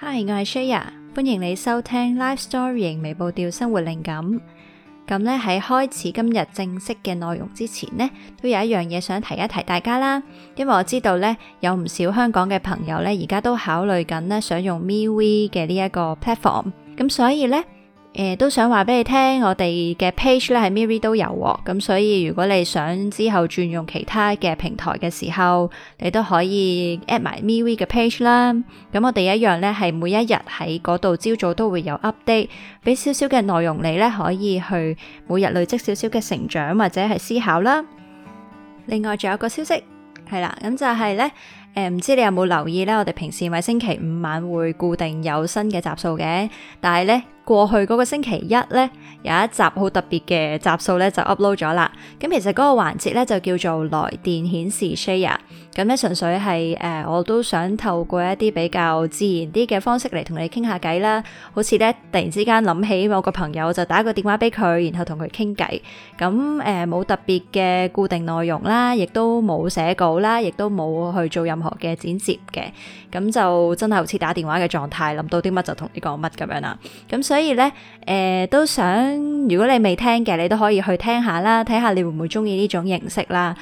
Hi，我係 Shaya，歡迎你收聽 Life Story 微步調生活靈感。咁咧，喺開始今日正式嘅內容之前呢，都有一樣嘢想提一提大家啦。因為我知道咧，有唔少香港嘅朋友咧而家都考慮緊咧，想用 MeWe 嘅呢一個 platform，咁、嗯、所以咧。誒、呃，都想話俾你聽，我哋嘅 page 咧喺 MeWe 都有、啊，咁所以如果你想之後轉用其他嘅平台嘅時候，你都可以 at 埋 MeWe 嘅 page 啦。咁我哋一樣咧係每一日喺嗰度朝早都會有 update，俾少少嘅內容你咧可以去每日累積少少嘅成長或者係思考啦。另外仲有個消息係啦，咁就係咧，誒、呃、唔知你有冇留意咧？我哋平時咪星期五晚會固定有新嘅集數嘅，但係咧。過去嗰個星期一呢，有一集好特別嘅集數呢，就 upload 咗啦。咁其實嗰個環節呢，就叫做來電顯示 share。咁咧，純粹係誒、呃，我都想透過一啲比較自然啲嘅方式嚟同你傾下偈啦。好似咧，突然之間諗起某個朋友，就打個電話俾佢，然後同佢傾偈。咁、嗯、誒，冇、呃、特別嘅固定內容啦，亦都冇寫稿啦，亦都冇去做任何嘅剪接嘅。咁、嗯、就真係好似打電話嘅狀態，諗到啲乜就同你講乜咁樣啦。咁、嗯、所以咧，誒、呃、都想，如果你未聽嘅，你都可以去聽下啦，睇下你會唔會中意呢種形式啦。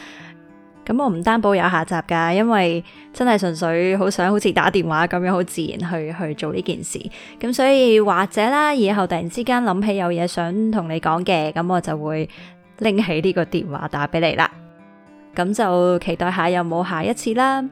咁我唔擔保有下集噶，因為真係純粹好想好似打電話咁樣，好自然去去做呢件事。咁所以或者啦，以後突然之間諗起有嘢想同你講嘅，咁我就會拎起呢個電話打俾你啦。咁就期待下有冇下一次啦。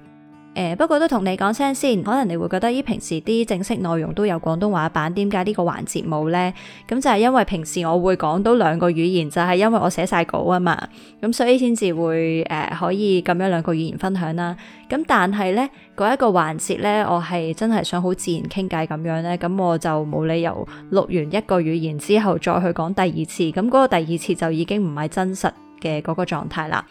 誒、欸、不過都同你講聲先，可能你會覺得咦，平時啲正式內容都有廣東話版，點解呢個環節冇呢？咁就係因為平時我會講到兩個語言，就係、係、因為我寫晒稿啊嘛，咁所以先至會誒、呃、可以咁樣兩個語言分享啦。咁但係呢，嗰一個環節呢，我係真係想好自然傾偈咁樣呢。咁我就冇理由錄完一個語言之後再去講第二次，咁嗰個第二次就已經唔係真實嘅嗰個狀態啦。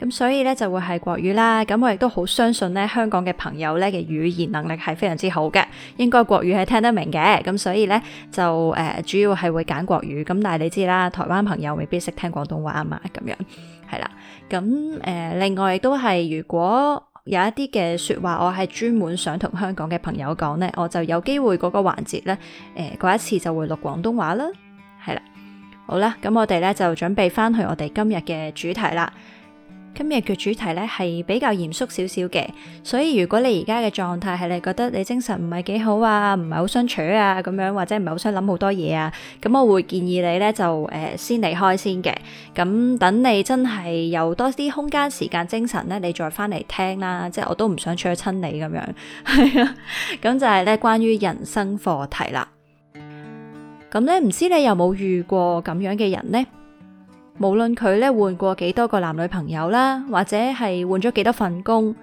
咁所以咧就會係國語啦。咁我亦都好相信咧，香港嘅朋友咧嘅語言能力係非常之好嘅，應該國語係聽得明嘅。咁所以咧就誒、呃、主要係會揀國語。咁但係你知啦，台灣朋友未必識聽廣東話啊嘛，咁樣係啦。咁誒、呃、另外亦都係，如果有一啲嘅説話，我係專門想同香港嘅朋友講咧，我就有機會嗰個環節咧，誒嗰一次就會錄廣東話啦。係啦，好啦，咁我哋咧就準備翻去我哋今日嘅主題啦。今日嘅主題呢係比較嚴肅少少嘅，所以如果你而家嘅狀態係你覺得你精神唔係幾好啊，唔係好想坐啊咁樣，或者唔係好想諗好多嘢啊，咁我會建議你呢就誒、呃、先離開先嘅，咁等你真係有多啲空間、時間、精神呢，你再翻嚟聽啦，即係我都唔想坐親你咁樣，係 啊，咁就係呢，關於人生課題啦。咁呢唔知你有冇遇過咁樣嘅人呢？無論佢咧，換過幾多個男女朋友啦，或者係換咗幾多份工，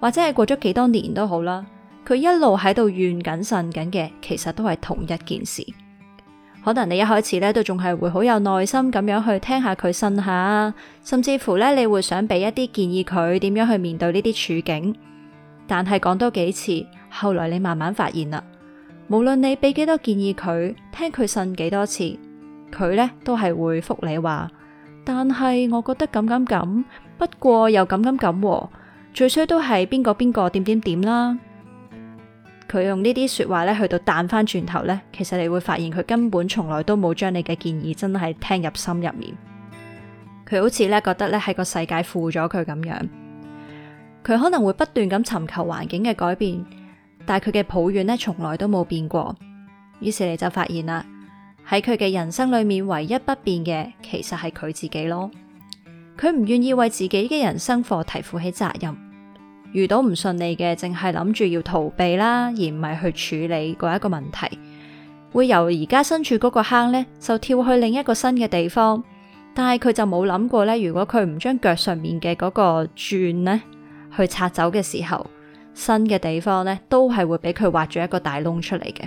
或者係過咗幾多年都好啦，佢一路喺度怨緊呻緊嘅，其實都係同一件事。可能你一開始咧，都仲係會好有耐心咁樣去聽下佢呻下，甚至乎咧，你會想俾一啲建議佢點樣去面對呢啲處境，但係講多幾次，後來你慢慢發現啦，無論你俾幾多建議佢，聽佢呻幾多次，佢咧都係會覆你話。但係我覺得咁咁咁，不過又咁咁咁，最衰都係邊個邊個點點點啦。佢用呢啲說話咧，去到彈翻轉頭咧，其實你會發現佢根本從來都冇將你嘅建議真係聽入心入面。佢好似咧覺得咧係個世界負咗佢咁樣，佢可能會不斷咁尋求環境嘅改變，但係佢嘅抱怨咧從來都冇變過。於是你就發現啦。喺佢嘅人生裏面，唯一不變嘅其實係佢自己咯。佢唔願意為自己嘅人生課題負起責任，遇到唔順利嘅，淨係諗住要逃避啦，而唔係去處理嗰一個問題。會由而家身處嗰個坑咧，就跳去另一個新嘅地方，但係佢就冇諗過咧，如果佢唔將腳上面嘅嗰個鑽咧去拆走嘅時候，新嘅地方咧都係會俾佢挖咗一個大窿出嚟嘅。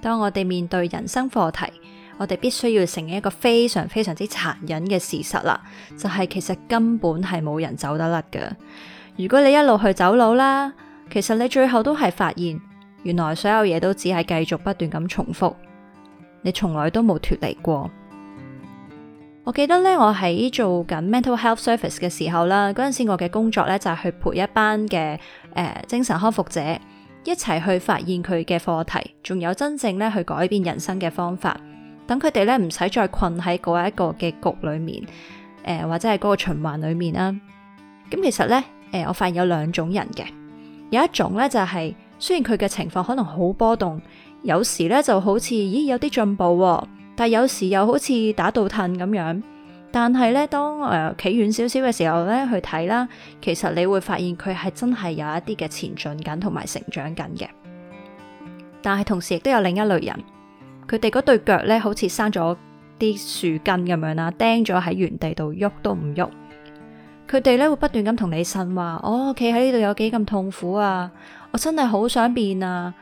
當我哋面對人生課題，我哋必須要承認一個非常非常之殘忍嘅事實啦，就係其實根本係冇人走得甩嘅。如果你一路去走佬啦，其實你最後都係發現，原來所有嘢都只係繼續不斷咁重複，你從來都冇脫離過。我記得咧，我喺做緊 mental health service 嘅時候啦，嗰陣時我嘅工作咧就係去陪一班嘅誒精神康復者。一齊去發現佢嘅課題，仲有真正咧去改變人生嘅方法，等佢哋咧唔使再困喺嗰一個嘅局裏面，誒、呃、或者係嗰個循環裏面啦。咁其實咧，誒、呃、我發現有兩種人嘅，有一種咧就係、是、雖然佢嘅情況可能好波動，有時咧就好似咦有啲進步、哦，但有時又好似打倒褪咁樣。但係咧，當誒企遠少少嘅時候咧，去睇啦，其實你會發現佢係真係有一啲嘅前進緊同埋成長緊嘅。但係同時亦都有另一類人，佢哋嗰對腳咧好似生咗啲樹根咁樣啦，釘咗喺原地度喐都唔喐。佢哋咧會不斷咁同你呻話：哦，企喺呢度有幾咁痛苦啊！我真係好想變啊！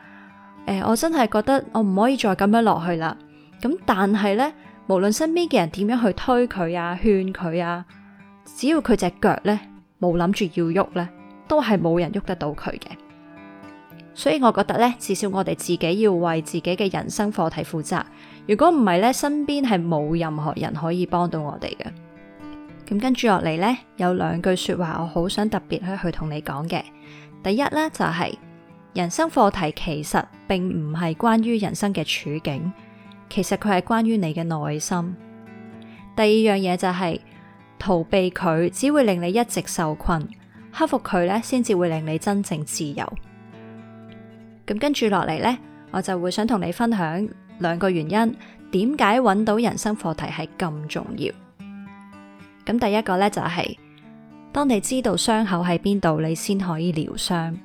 誒、呃，我真係覺得我唔可以再咁樣落去啦。咁但係咧。無論身邊嘅人點樣去推佢啊、勸佢啊，只要佢隻腳呢冇諗住要喐呢，都係冇人喐得到佢嘅。所以我覺得呢，至少我哋自己要為自己嘅人生課題負責。如果唔係呢，身邊係冇任何人可以幫到我哋嘅。咁跟住落嚟呢，有兩句說話我好想特別去去同你講嘅。第一呢，就係、是、人生課題其實並唔係關於人生嘅處境。其實佢係關於你嘅內心。第二樣嘢就係逃避佢，只會令你一直受困；克服佢咧，先至會令你真正自由。咁跟住落嚟咧，我就會想同你分享兩個原因，點解搵到人生課題係咁重要？咁第一個咧就係，當你知道傷口喺邊度，你先可以療傷。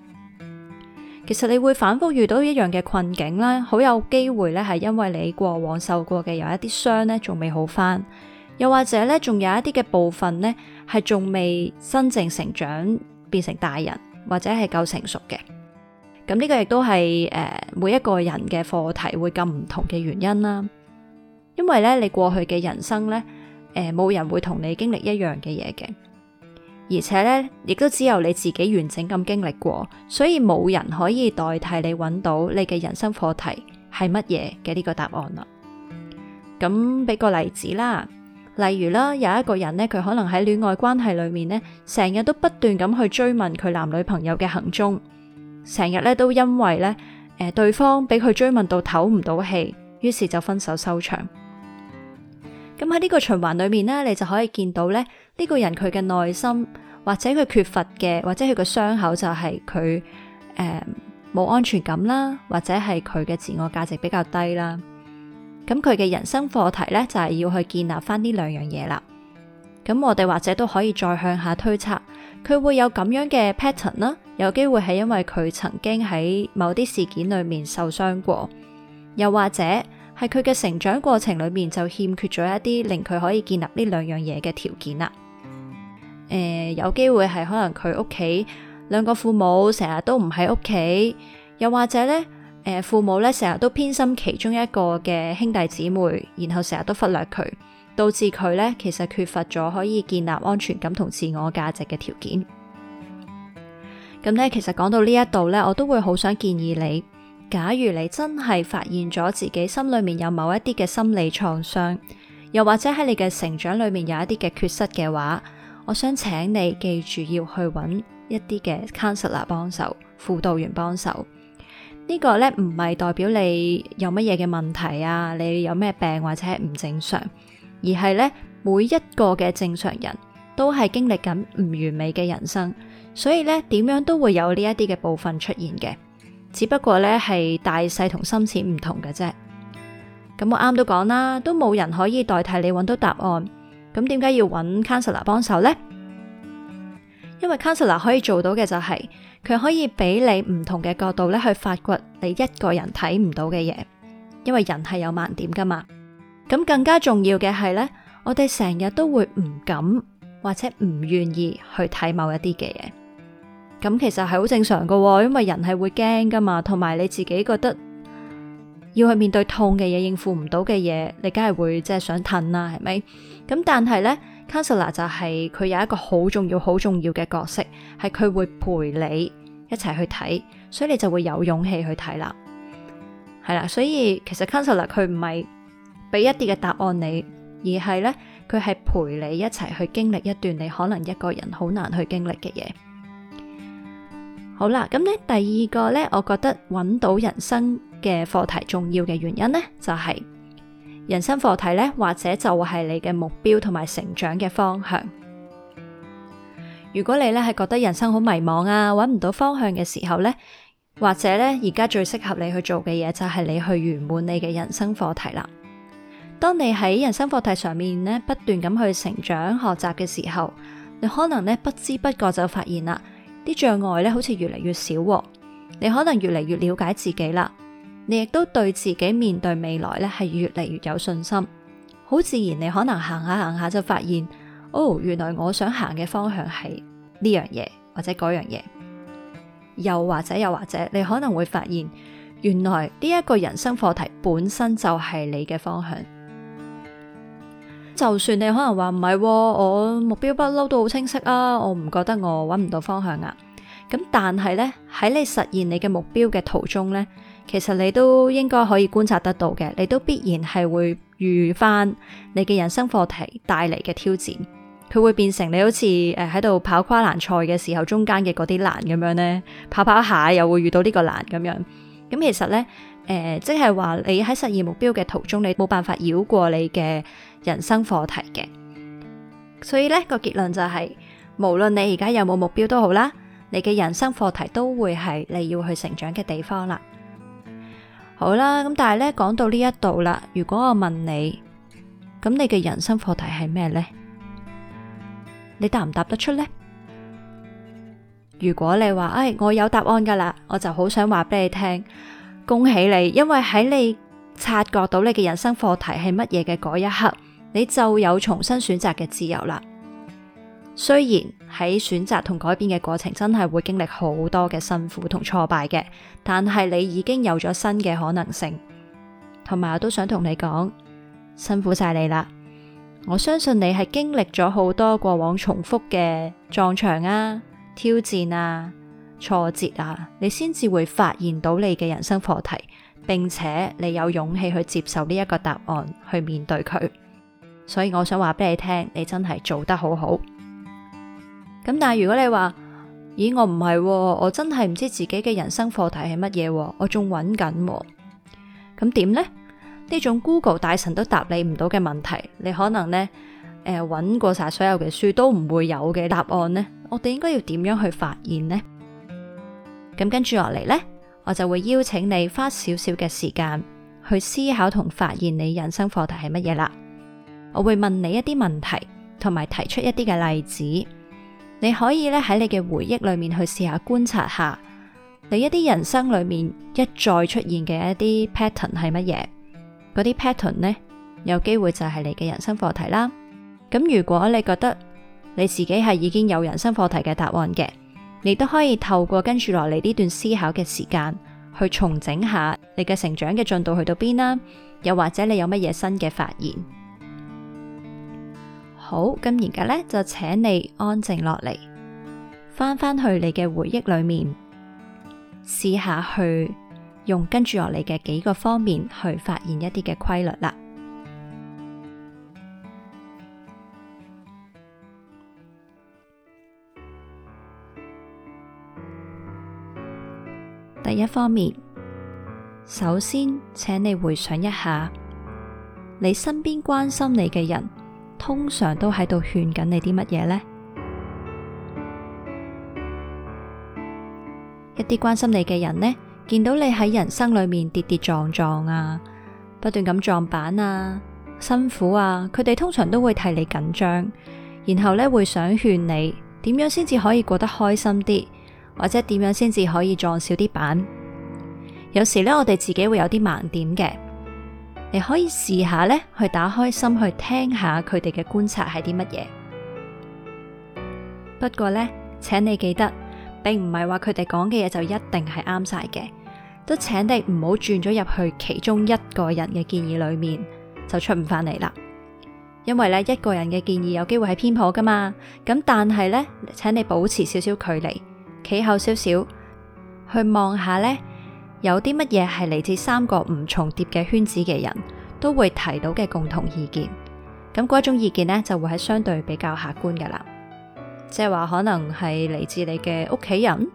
其實你會反覆遇到一樣嘅困境啦，好有機會咧係因為你過往受過嘅有一啲傷咧仲未好返，又或者咧仲有一啲嘅部分咧係仲未真正成長，變成大人或者係夠成熟嘅。咁呢個亦都係誒每一個人嘅課題會咁唔同嘅原因啦，因為咧你過去嘅人生咧誒冇人會同你經歷一樣嘅嘢嘅。而且咧，亦都只有你自己完整咁經歷過，所以冇人可以代替你搵到你嘅人生課題係乜嘢嘅呢個答案啦。咁俾個例子啦，例如啦，有一個人呢，佢可能喺戀愛關係裏面呢，成日都不斷咁去追問佢男女朋友嘅行蹤，成日咧都因為咧，誒、呃、對方俾佢追問到唞唔到氣，於是就分手收場。咁喺呢個循環裡面咧，你就可以見到咧，呢個人佢嘅內心或者佢缺乏嘅，或者佢個傷口就係佢誒冇安全感啦，或者係佢嘅自我價值比較低啦。咁佢嘅人生課題咧就係要去建立翻呢兩樣嘢啦。咁我哋或者都可以再向下推測，佢會有咁樣嘅 pattern 啦。有機會係因為佢曾經喺某啲事件裡面受傷過，又或者。係佢嘅成長過程裏面就欠缺咗一啲令佢可以建立呢兩樣嘢嘅條件啦。誒、呃，有機會係可能佢屋企兩個父母成日都唔喺屋企，又或者咧，誒、呃，父母咧成日都偏心其中一個嘅兄弟姊妹，然後成日都忽略佢，導致佢咧其實缺乏咗可以建立安全感同自我價值嘅條件。咁、嗯、咧、嗯嗯嗯嗯嗯，其實講到呢一度咧，我都會好想建議你。假如你真係發現咗自己心裏面有某一啲嘅心理創傷，又或者喺你嘅成長裏面有一啲嘅缺失嘅話，我想請你記住要去揾一啲嘅 counselor 幫手、輔導員幫手。這個、呢個咧唔係代表你有乜嘢嘅問題啊，你有咩病或者唔正常，而係咧每一個嘅正常人都係經歷緊唔完美嘅人生，所以咧點樣都會有呢一啲嘅部分出現嘅。只不過咧係大細同深淺唔同嘅啫，咁我啱都講啦，都冇人可以代替你揾到答案。咁點解要揾 counselor 幫手呢？因為 counselor 可以做到嘅就係，佢可以俾你唔同嘅角度咧去發掘你一個人睇唔到嘅嘢，因為人係有盲點噶嘛。咁更加重要嘅係咧，我哋成日都會唔敢或者唔願意去睇某一啲嘅嘢。咁其實係好正常噶，因為人係會驚噶嘛，同埋你自己覺得要去面對痛嘅嘢，應付唔到嘅嘢，你梗係會即係、就是、想褪啦，係咪？咁但係呢 counselor 就係佢有一個好重要、好重要嘅角色，係佢會陪你一齊去睇，所以你就會有勇氣去睇啦，係啦。所以其實 counselor 佢唔係俾一啲嘅答案你，而係呢，佢係陪你一齊去經歷一段你可能一個人好難去經歷嘅嘢。好啦，咁呢第二個呢，我覺得揾到人生嘅課題重要嘅原因呢，就係人生課題呢，或者就係你嘅目標同埋成長嘅方向。如果你呢係覺得人生好迷茫啊，揾唔到方向嘅時候呢，或者呢而家最適合你去做嘅嘢就係你去圓滿你嘅人生課題啦。當你喺人生課題上面呢不斷咁去成長學習嘅時候，你可能呢，不知不覺就發現啦。啲障礙咧，好似越嚟越少。你可能越嚟越了解自己啦。你亦都對自己面對未來咧，係越嚟越有信心。好自然，你可能行下行下就發現哦，原來我想行嘅方向係呢樣嘢，或者嗰樣嘢，又或者又或者，你可能會發現原來呢一個人生課題本身就係你嘅方向。就算你可能話唔係，我目標不嬲，都好清晰啊。我唔覺得我揾唔到方向啊。咁但係呢，喺你實現你嘅目標嘅途中呢，其實你都應該可以觀察得到嘅，你都必然係會遇翻你嘅人生課題帶嚟嘅挑戰。佢會變成你好似誒喺度跑跨欄賽嘅時候中間嘅嗰啲欄咁樣呢，跑跑下又會遇到呢個欄咁樣。咁其實呢，誒、呃，即係話你喺實現目標嘅途中，你冇辦法繞過你嘅。人生課題嘅，所以呢個結論就係，無論你而家有冇目標都好啦，你嘅人生課題都會係你要去成長嘅地方啦。好啦，咁但係呢講到呢一度啦，如果我問你，咁你嘅人生課題係咩呢？你答唔答得出呢？如果你話，哎，我有答案噶啦，我就好想話俾你聽，恭喜你，因為喺你察覺到你嘅人生課題係乜嘢嘅嗰一刻。你就有重新選擇嘅自由啦。雖然喺選擇同改變嘅過程，真係會經歷好多嘅辛苦同挫敗嘅，但係你已經有咗新嘅可能性。同埋，我都想同你講，辛苦晒你啦！我相信你係經歷咗好多過往重複嘅撞牆啊、挑戰啊、挫折啊，你先至會發現到你嘅人生課題，並且你有勇氣去接受呢一個答案，去面對佢。所以我想話俾你聽，你真係做得好好咁。但係如果你話咦，我唔係、哦、我真係唔知自己嘅人生課題係乜嘢，我仲揾緊咁點呢？呢種 Google 大神都答你唔到嘅問題，你可能呢，揾、呃、過晒所有嘅書都唔會有嘅答案呢，我哋應該要點樣去發現呢？咁跟住落嚟呢，我就會邀請你花少少嘅時間去思考同發現你人生課題係乜嘢啦。我會問你一啲問題，同埋提出一啲嘅例子，你可以咧喺你嘅回憶裏面去試下觀察下你一啲人生裏面一再出現嘅一啲 pattern 係乜嘢。嗰啲 pattern 呢，有機會就係你嘅人生課題啦。咁如果你覺得你自己係已經有人生課題嘅答案嘅，你都可以透過跟住落嚟呢段思考嘅時間去重整下你嘅成長嘅進度去到邊啦，又或者你有乜嘢新嘅發現？好，咁而家呢，就請你安靜落嚟，翻返去你嘅回憶裏面，試下去用跟住落嚟嘅幾個方面去發現一啲嘅規律啦。第一方面，首先請你回想一下你身邊關心你嘅人。通常都喺度勸緊你啲乜嘢呢？一啲關心你嘅人呢，見到你喺人生裏面跌跌撞撞啊，不斷咁撞板啊，辛苦啊，佢哋通常都會替你緊張，然後呢會想勸你點樣先至可以過得開心啲，或者點樣先至可以撞少啲板。有時呢，我哋自己會有啲盲點嘅。你可以試下咧，去打開心去聽下佢哋嘅觀察係啲乜嘢。不過呢，請你記得，並唔係話佢哋講嘅嘢就一定係啱晒嘅。都請你唔好轉咗入去其中一個人嘅建議裏面，就出唔翻嚟啦。因為呢，一個人嘅建議有機會係偏頗噶嘛。咁但係呢，請你保持少少距離，企後少少，去望下呢，有啲乜嘢係嚟自三個唔重疊嘅圈子嘅人都會提到嘅共同意見，咁嗰一種意見呢就會係相對比較客觀嘅啦，即係話可能係嚟自你嘅屋企人、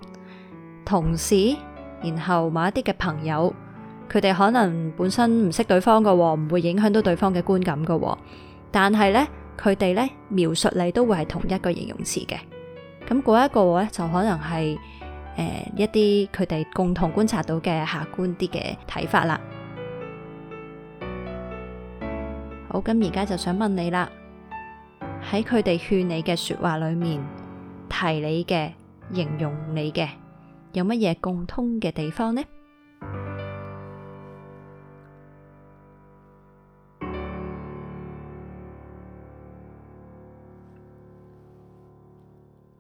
同事，然後某一啲嘅朋友，佢哋可能本身唔識對方嘅，唔會影響到對方嘅觀感嘅，但係呢，佢哋呢描述你都會係同一個形容詞嘅，咁嗰一個呢，就可能係，誒、呃，一啲佢哋共同觀察到嘅客觀啲嘅睇法啦。好，咁而家就想問你啦，喺佢哋勸你嘅說話裏面，提你嘅，形容你嘅，有乜嘢共通嘅地方呢？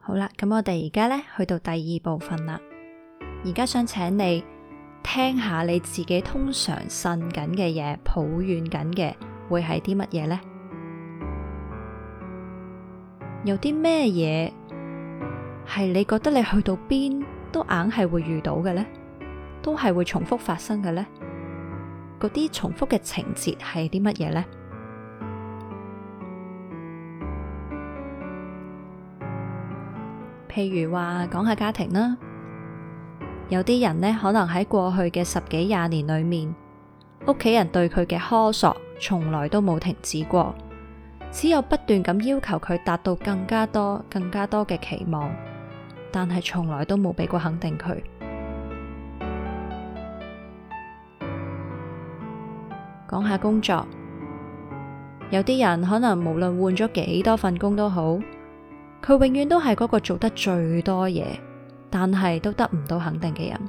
好啦，咁我哋而家呢去到第二部分啦。而家想請你聽下你自己通常呻緊嘅嘢、抱怨緊嘅，會係啲乜嘢呢？有啲咩嘢係你覺得你去到邊都硬係會遇到嘅呢？都係會重複發生嘅呢？嗰啲重複嘅情節係啲乜嘢呢？譬如話講下家庭啦，有啲人呢，可能喺過去嘅十幾廿年裏面，屋企人對佢嘅苛索從來都冇停止過，只有不斷咁要求佢達到更加多、更加多嘅期望，但係從來都冇俾過肯定佢。講下工作，有啲人可能無論換咗幾多份工都好。佢永遠都係嗰個做得最多嘢，但係都得唔到肯定嘅人。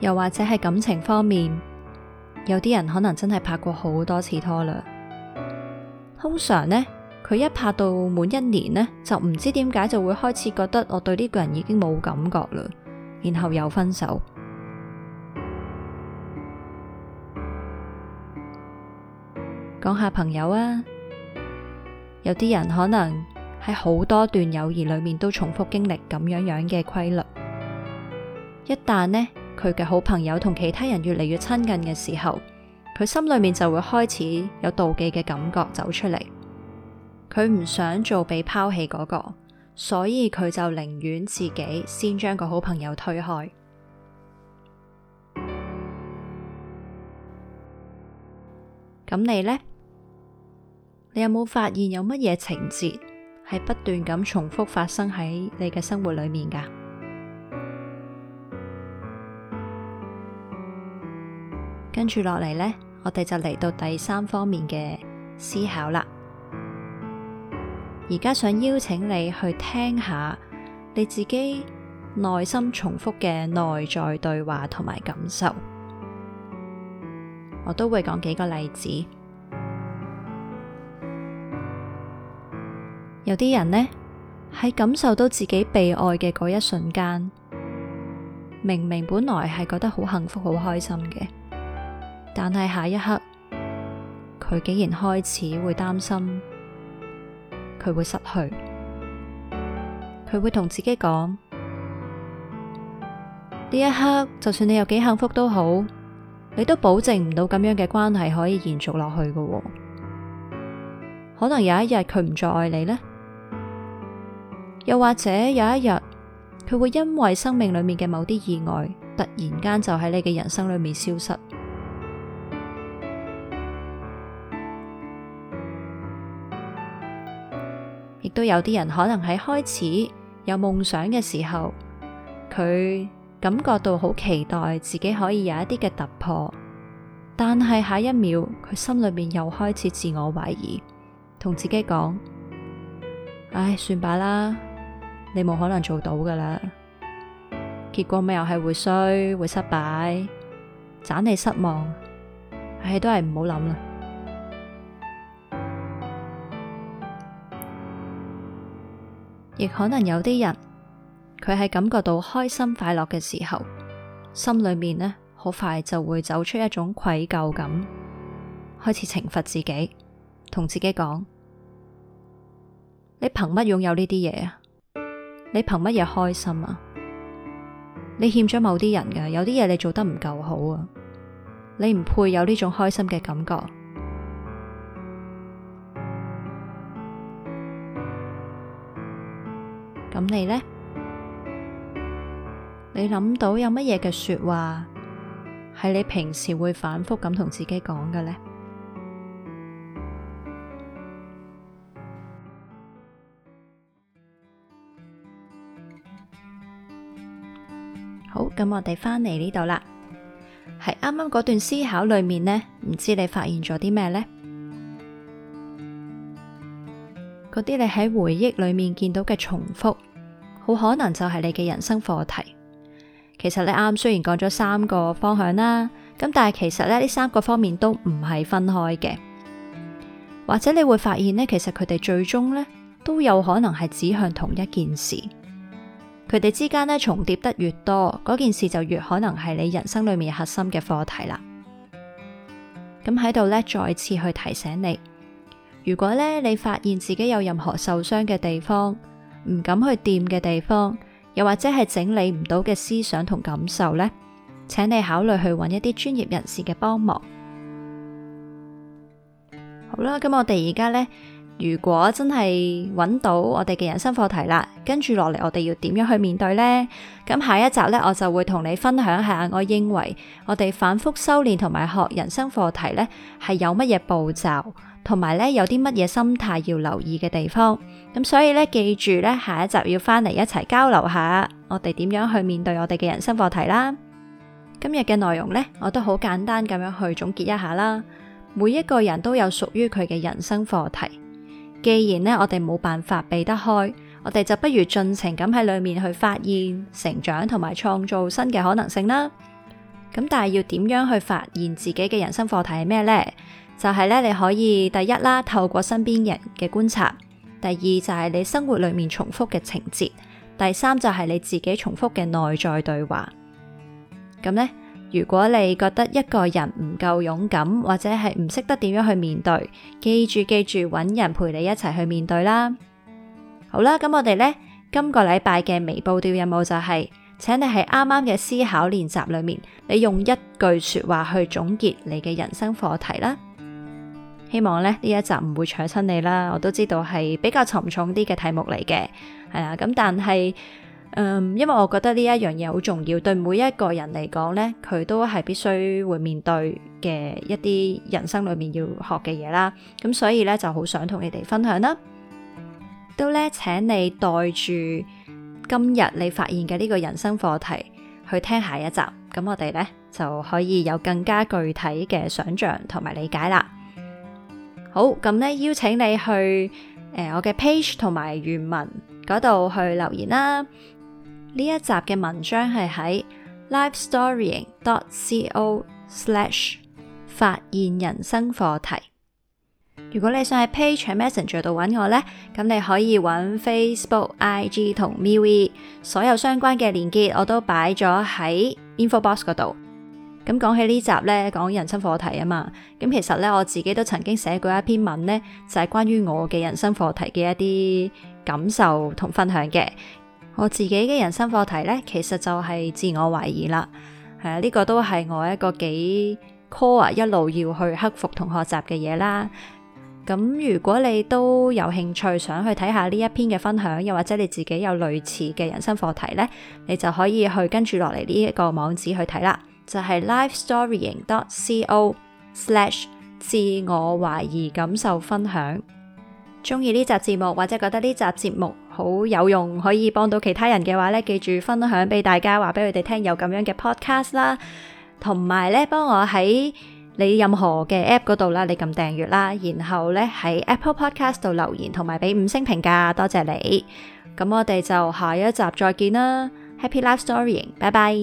又或者係感情方面，有啲人可能真係拍過好多次拖啦。通常呢，佢一拍到滿一年呢，就唔知點解就會開始覺得我對呢個人已經冇感覺啦，然後又分手。講下朋友啊，有啲人可能喺好多段友誼裏面都重複經歷咁樣樣嘅規律。一旦呢，佢嘅好朋友同其他人越嚟越親近嘅時候，佢心裏面就會開始有妒忌嘅感覺走出嚟。佢唔想做被拋棄嗰個，所以佢就寧願自己先將個好朋友推開。咁你呢？你有冇發現有乜嘢情節係不斷咁重複發生喺你嘅生活裏面㗎？跟住落嚟呢，我哋就嚟到第三方面嘅思考啦。而家想邀請你去聽下你自己內心重複嘅內在對話同埋感受。我都會講幾個例子。有啲人呢喺感受到自己被愛嘅嗰一瞬間，明明本來係覺得好幸福、好開心嘅，但係下一刻，佢竟然開始會擔心佢會失去，佢會同自己講：呢一刻就算你有幾幸福都好，你都保證唔到咁樣嘅關係可以延續落去㗎喎。可能有一日佢唔再愛你呢。」又或者有一日，佢會因為生命裏面嘅某啲意外，突然間就喺你嘅人生裏面消失。亦 都有啲人可能喺開始有夢想嘅時候，佢感覺到好期待自己可以有一啲嘅突破，但係下一秒佢心裏面又開始自我懷疑，同自己講：唉，算吧啦。你冇可能做到噶啦，結果咪又係會衰，會失敗，盞你失望，係都係唔好諗啦。亦可能有啲人佢係感覺到開心快樂嘅時候，心裏面呢，好快就會走出一種愧疚感，開始懲罰自己，同自己講：你憑乜擁有呢啲嘢啊？你憑乜嘢開心啊？你欠咗某啲人㗎，有啲嘢你做得唔夠好啊，你唔配有呢種開心嘅感覺。咁你呢？你諗到有乜嘢嘅說話係你平時會反復咁同自己講嘅呢？咁我哋返嚟呢度啦，喺啱啱嗰段思考裏面呢，唔知你發現咗啲咩呢？嗰啲你喺回憶裏面見到嘅重複，好可能就係你嘅人生課題。其實你啱啱雖然講咗三個方向啦，咁但係其實咧呢三個方面都唔係分開嘅，或者你會發現呢，其實佢哋最終呢，都有可能係指向同一件事。佢哋之間呢，重疊得越多，嗰件事就越可能係你人生裏面核心嘅課題啦。咁喺度呢，再次去提醒你，如果呢，你發現自己有任何受傷嘅地方，唔敢去掂嘅地方，又或者係整理唔到嘅思想同感受呢，請你考慮去揾一啲專業人士嘅幫忙。好啦，咁我哋而家呢。如果真係揾到我哋嘅人生課題啦，跟住落嚟，我哋要點樣去面對呢？咁下一集呢，我就會同你分享下。我認為我哋反覆修煉同埋學人生課題呢係有乜嘢步驟，同埋呢有啲乜嘢心態要留意嘅地方。咁所以呢，記住呢，下一集要翻嚟一齊交流下，我哋點樣去面對我哋嘅人生課題啦。今日嘅內容呢，我都好簡單咁樣去總結一下啦。每一個人都有屬於佢嘅人生課題。既然呢，我哋冇辦法避得開，我哋就不如盡情咁喺裏面去發現、成長同埋創造新嘅可能性啦。咁但係要點樣去發現自己嘅人生課題係咩呢？就係咧，你可以第一啦，透過身邊人嘅觀察；第二就係你生活裏面重複嘅情節；第三就係你自己重複嘅內在對話。咁呢。如果你覺得一個人唔夠勇敢，或者係唔識得點樣去面對，記住記住搵人陪你一齊去面對啦。好啦，咁我哋呢，今個禮拜嘅微步調任務就係、是，請你喺啱啱嘅思考練習裏面，你用一句說話去總結你嘅人生課題啦。希望咧呢一集唔會搶親你啦。我都知道係比較沉重啲嘅題目嚟嘅，係啊，咁但係。嗯，um, 因為我覺得呢一樣嘢好重要，對每一個人嚟講咧，佢都係必須會面對嘅一啲人生裏面要學嘅嘢啦。咁所以咧就好想同你哋分享啦。都咧，請你袋住今日你發現嘅呢個人生課題去聽下一集，咁我哋咧就可以有更加具體嘅想象同埋理解啦。好，咁咧邀請你去誒、呃、我嘅 page 同埋原文嗰度去留言啦。呢一集嘅文章係喺 lifestorying.co/ 發現人生課題。如果你想喺 Page Messenger 度搵我呢，咁你可以揾 Facebook、IG 同 MeWe 所有相關嘅鏈接我都擺咗喺 InfoBox 嗰度。咁講起呢集呢，講人生課題啊嘛。咁其實呢，我自己都曾經寫過一篇文呢，就係、是、關於我嘅人生課題嘅一啲感受同分享嘅。我自己嘅人生課題呢，其實就係自我懷疑啦。係啊，呢、這個都係我一個幾 core 一路要去克服同學習嘅嘢啦。咁、啊、如果你都有興趣想去睇下呢一篇嘅分享，又或者你自己有類似嘅人生課題呢，你就可以去跟住落嚟呢一個網址去睇啦，就係、是、LifeStorying.co/ 自我懷疑感受分享。中意呢集節目，或者覺得呢集節目好有用，可以幫到其他人嘅話咧，記住分享俾大家，話俾佢哋聽有咁樣嘅 podcast 啦，同埋咧，幫我喺你任何嘅 app 度啦，你撳訂閱啦，然後咧喺 Apple Podcast 度留言，同埋俾五星評價，多謝你。咁我哋就下一集再見啦，Happy Life Storying，拜拜。